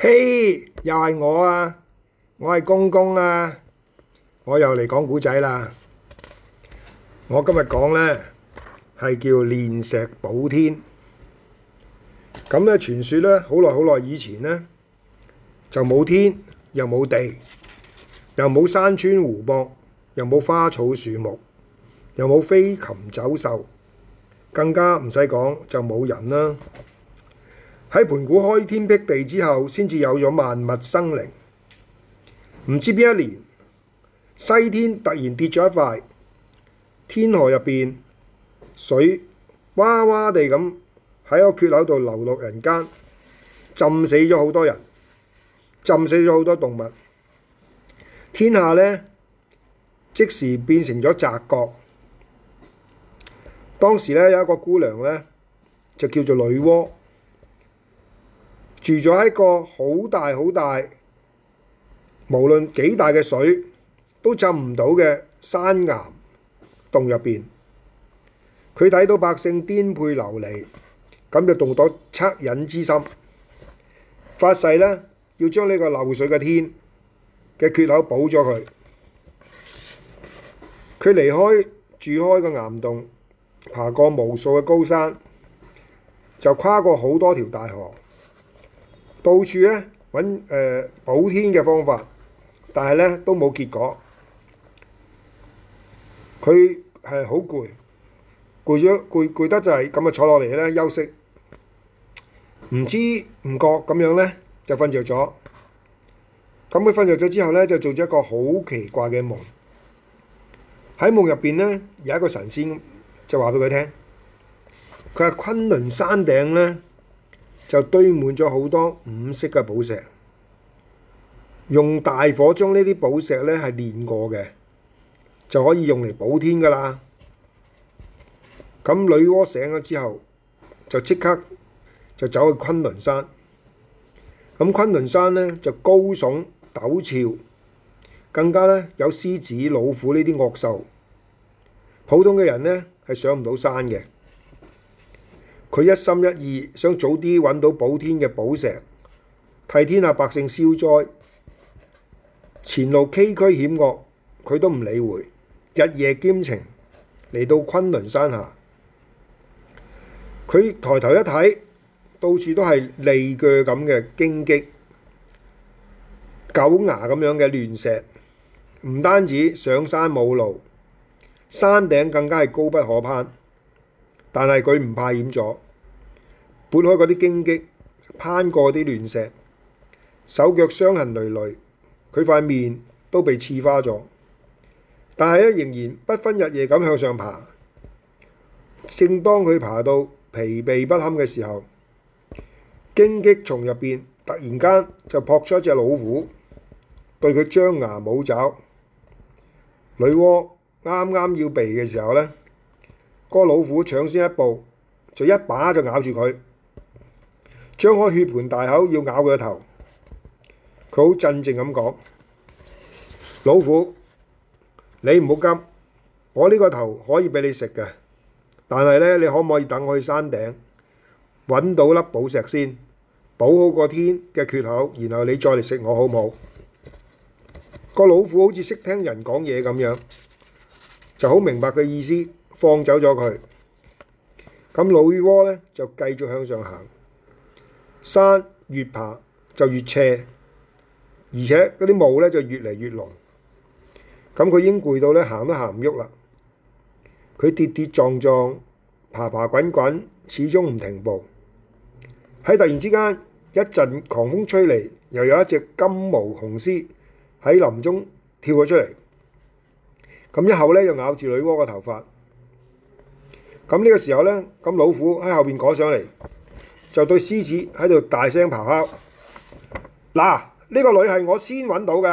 嘿，hey，又係我啊！我係公公啊！我又嚟講古仔啦！我今日講咧係叫煉石補天。咁咧傳說咧好耐好耐以前咧就冇天又冇地，又冇山川湖泊，又冇花草樹木，又冇飛禽走獸，更加唔使講就冇人啦。喺盤古開天闢地之後，先至有咗萬物生靈。唔知邊一年，西天突然跌咗一塊，天河入邊水哇哇地咁喺個缺口度流落人間，浸死咗好多人，浸死咗好多動物。天下咧即時變成咗澤國。當時咧有一個姑娘咧，就叫做女媧。住咗喺一個好大好大，無論幾大嘅水都浸唔到嘅山岩洞入邊。佢睇到百姓顛沛流離，咁就動咗惻隱之心，發誓呢，要將呢個漏水嘅天嘅缺口補咗佢。佢離開住開個岩洞，爬過無數嘅高山，就跨過好多條大河。到處咧，揾誒補天嘅方法，但係咧都冇結果。佢係好攰，攰咗攰攰得就係咁啊，坐落嚟咧休息，唔知唔覺咁樣咧就瞓著咗。咁佢瞓著咗之後咧就做咗一個好奇怪嘅夢，喺夢入邊咧有一個神仙就話俾佢聽，佢話崑崙山頂咧，就堆滿咗好多五色嘅寶石，用大火將呢啲寶石咧係煉過嘅，就可以用嚟補天㗎喇。咁女媧醒咗之後，就即刻就走去崑崙山。咁崑崙山咧就高聳陡峭，更加咧有獅子、老虎呢啲惡獸，普通嘅人咧係上唔到山嘅。佢一心一意想早啲揾到補天嘅寶石，替天下百姓消災。前路崎嶇險惡，佢都唔理會，日夜兼程嚟到崑崙山下。佢抬頭一睇，到處都係利鋸咁嘅荊棘、狗牙咁樣嘅亂石，唔單止上山冇路，山頂更加係高不可攀。但係佢唔怕險阻，撥開嗰啲荊棘，攀過啲亂石，手腳傷痕累累，佢塊面都被刺花咗。但係佢仍然不分日夜咁向上爬。正當佢爬到疲憊不堪嘅時候，荊棘叢入邊突然間就撲出一隻老虎，對佢張牙舞爪。女媧啱啱要避嘅時候咧。個老虎搶先一步，就一把就咬住佢，張開血盆大口要咬佢個頭。佢好鎮靜咁講，老虎，你唔好急，我呢個頭可以俾你食嘅，但係咧，你可唔可以等我去山頂揾到粒寶石先，補好個天嘅缺口，然後你再嚟食我好冇？個老虎好似識聽人講嘢咁樣，就好明白佢意思。放走咗佢，咁女媧咧就繼續向上行。山越爬就越斜，而且嗰啲霧咧就越嚟越濃。咁佢已經攰到咧行都行唔喐啦，佢跌跌撞撞、爬爬滾滾，始終唔停步。喺突然之間，一陣狂風吹嚟，又有一隻金毛雄獅喺林中跳咗出嚟，咁一口咧又咬住女媧個頭髮。咁呢個時候呢，咁老虎喺後邊趕上嚟，就對獅子喺度大聲咆哮：嗱，呢個女係我先揾到嘅，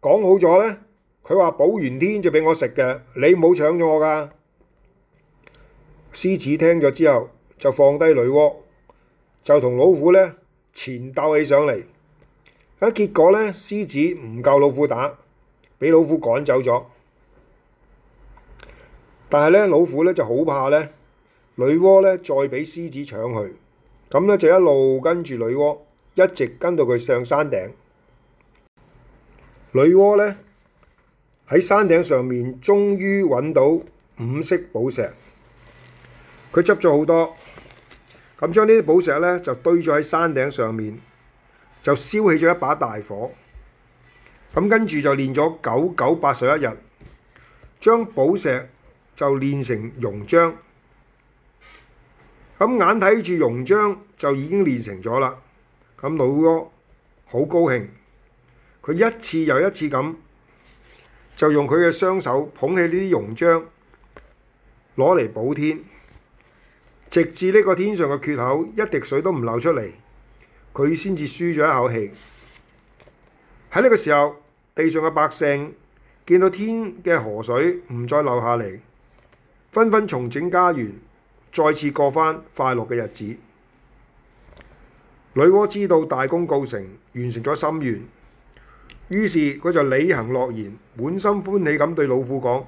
講好咗呢，佢話補完天就畀我食嘅，你冇搶咗我㗎！獅子聽咗之後，就放低女媧，就同老虎呢纏鬥起上嚟。咁結果呢，獅子唔夠老虎打，俾老虎趕走咗。但係咧，老虎咧就好怕咧，女媧咧再俾獅子搶去，咁咧就一路跟住女媧，一直跟到佢上山頂。女媧咧喺山頂上面，終於揾到五色寶石，佢執咗好多，咁將呢啲寶石咧就堆咗喺山頂上面，就燒起咗一把大火。咁跟住就練咗九九八十一日，將寶石。就煉成熔漿，咁眼睇住熔漿就已經煉成咗啦。咁老哥好高興，佢一次又一次咁就用佢嘅雙手捧起呢啲熔漿攞嚟補天，直至呢個天上嘅缺口一滴水都唔漏出嚟，佢先至舒咗一口氣。喺呢個時候，地上嘅百姓見到天嘅河水唔再流下嚟，紛紛重整家園，再次過返快樂嘅日子。女媧知道大功告成，完成咗心願，於是佢就履行諾言，滿心歡喜咁對老虎講：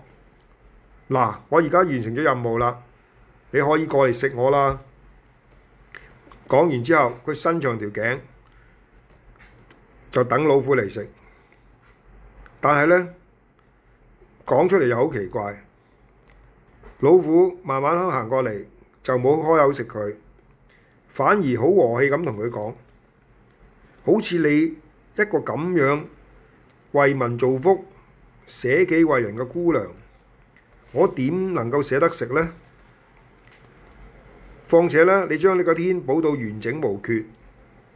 嗱，我而家完成咗任務啦，你可以過嚟食我啦。講完之後，佢伸長條頸，就等老虎嚟食。但係咧，講出嚟又好奇怪。老虎慢慢行過嚟，就冇開口食佢，反而好和氣咁同佢講，好似你一個咁樣為民造福、捨己為人嘅姑娘，我點能夠捨得食呢？」「況且呢，你將呢個天補到完整無缺，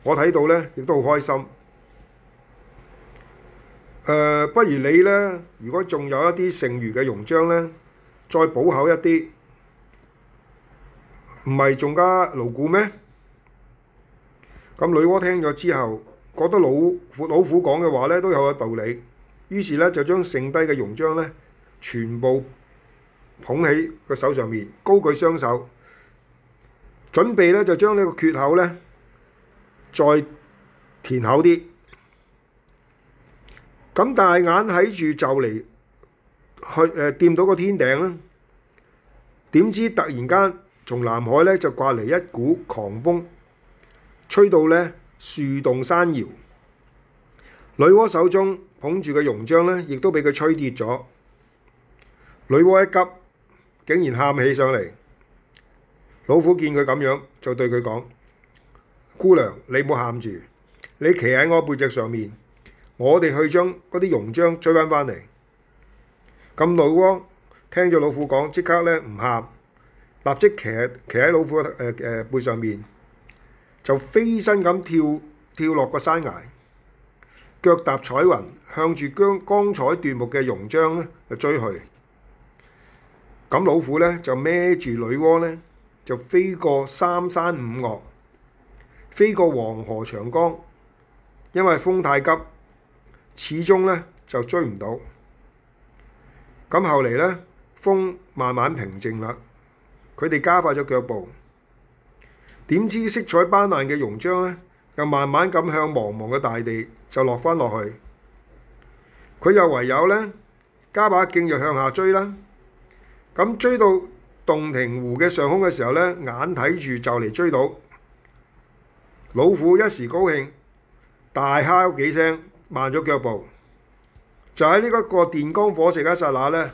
我睇到呢亦都好開心。呃，不如你呢，如果仲有一啲剩餘嘅溶漿呢。再補厚一啲，唔係仲加牢固咩？咁女媧聽咗之後，覺得老虎老虎講嘅話咧都有個道理，於是咧就將剩低嘅溶漿咧全部捧喺個手上面，高舉雙手，準備咧就將呢個缺口咧再填厚啲，咁但係眼睇住就嚟。去誒掂、呃、到個天頂啦！點知突然間從南海咧就刮嚟一股狂風，吹到咧樹洞山搖。女媧手中捧住嘅溶漿咧，亦都俾佢吹跌咗。女媧一急，竟然喊起上嚟。老虎見佢咁樣，就對佢講：姑娘，你唔好喊住，你企喺我背脊上面，我哋去將嗰啲溶漿追翻返嚟。咁女媧聽咗老虎講，即刻咧唔喊，立即騎騎喺老虎嘅背上面，就飛身咁跳跳落個山崖，腳踏彩雲，向住江光彩奪目嘅龍章咧就追去。咁老虎咧就孭住女媧咧，就飛過三山五岳，飛過黃河長江，因為風太急，始終咧就追唔到。咁後嚟咧，風慢慢平靜啦，佢哋加快咗腳步。點知色彩斑斕嘅熔漿咧，又慢慢咁向茫茫嘅大地就落翻落去。佢又唯有咧，加把勁要向下追啦。咁追到洞庭湖嘅上空嘅時候咧，眼睇住就嚟追到老虎，一時高興，大哮幾聲，慢咗腳步。就喺呢一個電光火石嘅一剎那咧，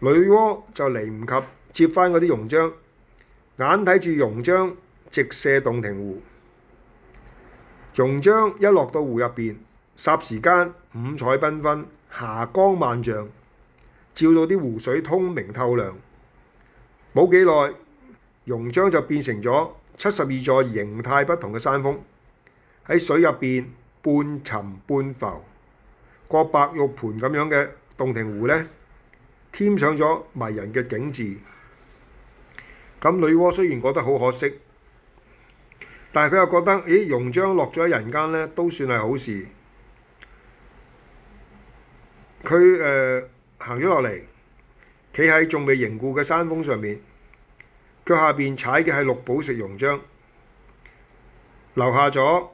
女媧就嚟唔及接返嗰啲溶漿，眼睇住溶漿直射洞庭湖。溶漿一落到湖入邊，霎時間五彩繽紛、霞光萬丈，照到啲湖水通明透亮。冇幾耐，溶漿就變成咗七十二座形態不同嘅山峰，喺水入邊半沉半浮。個白玉盤咁樣嘅洞庭湖呢，添上咗迷人嘅景緻。咁女媧雖然覺得好可惜，但係佢又覺得，咦，溶漿落咗喺人間呢，都算係好事。佢誒、呃、行咗落嚟，企喺仲未凝固嘅山峰上面，腳下邊踩嘅係綠寶石溶漿，留下咗，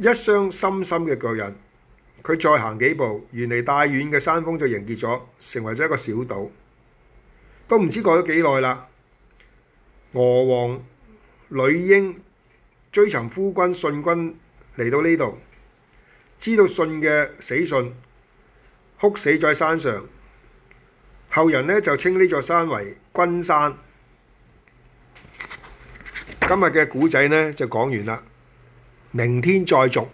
一雙深深嘅腳印，佢再行幾步，原嚟大遠嘅山峰就凝結咗，成為咗一個小島。都唔知過咗幾耐啦。娥皇、女英追尋夫君舜君嚟到呢度，知道舜嘅死訊，哭死在山上。後人呢就稱呢座山為君山。今日嘅古仔呢就講完喇。明天再續。